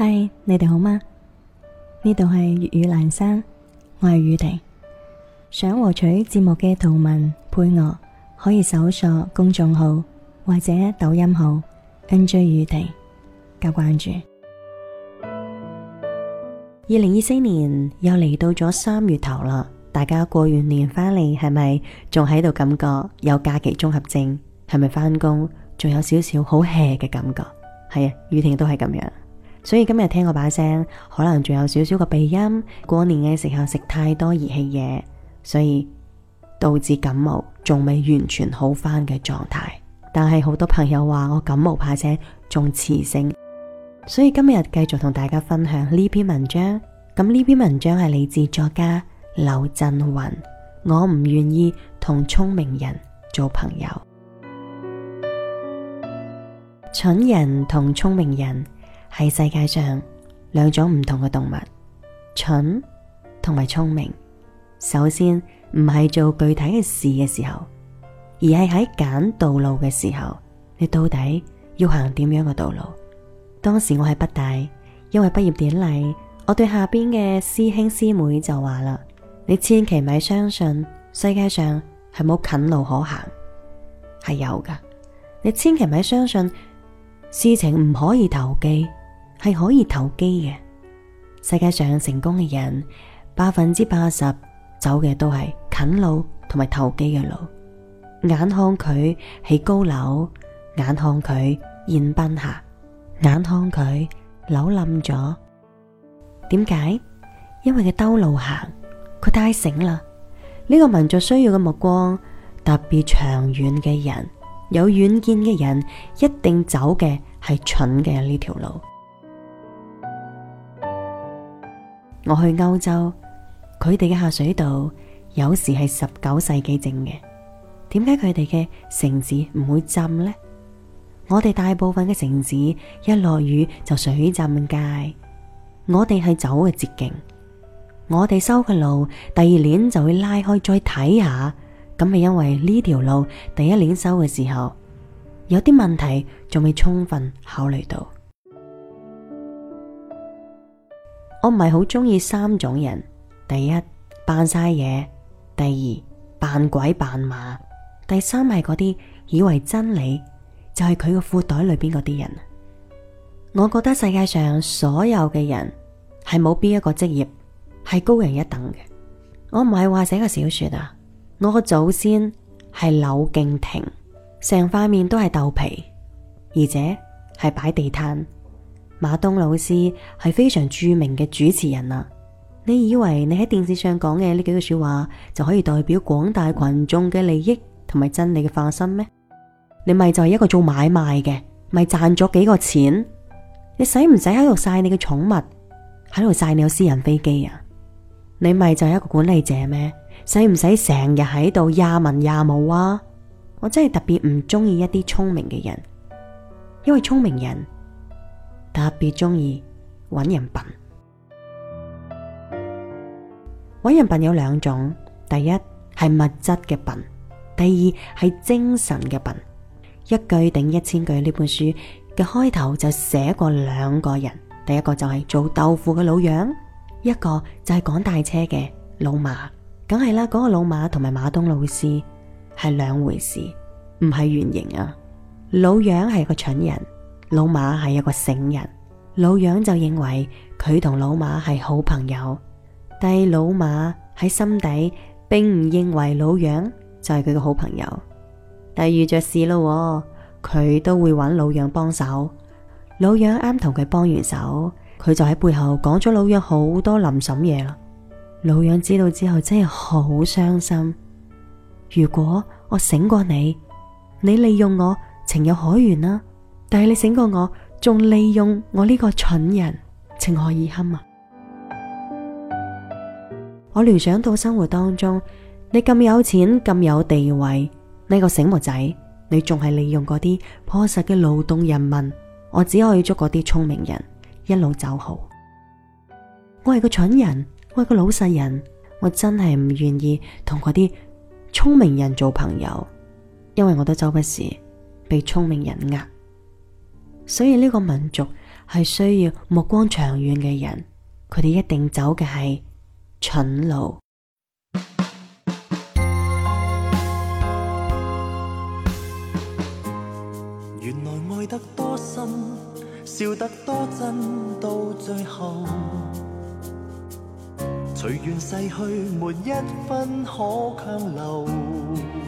嗨，Hi, 你哋好嗎？呢度係粵語蘭生，我係宇婷。想獲取節目嘅圖文配樂，可以搜索公眾號或者抖音號 NJ 宇婷加關注。二零二四年又嚟到咗三月頭啦，大家過完年翻嚟係咪仲喺度感覺有假期綜合症？係咪翻工仲有少少好 hea 嘅感覺？係啊，宇婷都係咁樣。所以今日聽我把聲，可能仲有少少個鼻音。過年嘅時候食太多熱氣嘢，所以導致感冒，仲未完全好返嘅狀態。但係好多朋友話我感冒怕聲，仲磁性。所以今日繼續同大家分享呢篇文章。咁呢篇文章係嚟自作家劉震雲。我唔願意同聰明人做朋友，蠢人同聰明人。係世界上兩種唔同嘅動物，蠢同埋聰明。首先唔係做具體嘅事嘅時候，而係喺揀道路嘅時候，你到底要行點樣嘅道路？當時我喺北大，因為畢業典禮，我對下邊嘅師兄師妹就話啦：你千祈咪相信世界上係冇近路可行，係有㗎。你千祈咪相信事情唔可以投機。係可以投機嘅。世界上成功嘅人，百分之八十走嘅都係近路同埋投機嘅路。眼看佢起高樓，眼看佢宴賓客，眼看佢樓冧咗，點解？因為佢兜路行，佢太醒啦。呢、這個民族需要嘅目光特別長遠嘅人，有遠見嘅人，一定走嘅係蠢嘅呢條路。我去歐洲，佢哋嘅下水道有時係十九世紀整嘅，點解佢哋嘅城市唔會浸呢？我哋大部分嘅城市，一落雨就水浸街。我哋係走嘅捷徑，我哋修嘅路第二年就會拉開再睇下，咁係因為呢條路第一年修嘅時候有啲問題仲未充分考慮到。我唔係好中意三種人：第一扮晒嘢，第二扮鬼扮馬，第三係嗰啲以為真理就係佢個褲袋裏邊嗰啲人。我覺得世界上所有嘅人係冇邊一個職業係高人一等嘅。我唔係話寫個小說啊，我個祖先係柳敬亭，成塊面都係豆皮，而且係擺地攤。馬東老師係非常著名嘅主持人啊。你以為你喺電視上講嘅呢幾句說話就可以代表廣大群眾嘅利益同埋真理嘅化身咩？你咪就係一個做買賣嘅，咪賺咗幾個錢？你使唔使喺度晒你嘅寵物？喺度晒你有私人飛機啊？你咪就係一個管理者咩？使唔使成日喺度呀文呀武啊？我真係特別唔中意一啲聰明嘅人，因為聰明人。特別中意揾人笨，揾人笨有兩種，第一係物質嘅笨，第二係精神嘅笨。一句頂一千句呢本書嘅開頭就寫過兩個人，第一個就係做豆腐嘅老楊，一個就係趕大車嘅老馬，梗係啦，嗰、那個老馬同埋馬東老師係兩回事，唔係原型啊，老楊係個蠢人。老馬係一個醒人，老楊就認為佢同老馬係好朋友，但係老馬喺心底並唔認為老楊就係佢嘅好朋友。但係遇着事咯，佢都會揾老楊幫手。老楊啱同佢幫完手，佢就喺背後講咗老楊好多林嬸嘢啦。老楊知道之後真係好傷心。如果我醒過你，你利用我情有可原啦、啊。但係你醒過我，仲利用我呢個蠢人，情何以堪啊！我聯想到生活當中，你咁有錢咁有地位，呢個醒目仔，你仲係利用嗰啲樸實嘅勞動人民。我只可以祝嗰啲聰明人一路走好。我係個蠢人，我係個老實人，我真係唔願意同嗰啲聰明人做朋友，因為我都周不時被聰明人壓。所以呢個民族係需要目光長遠嘅人，佢哋一定走嘅係蠢路。原來愛得多深，笑得多真，到最後隨緣逝去，沒一分可強留。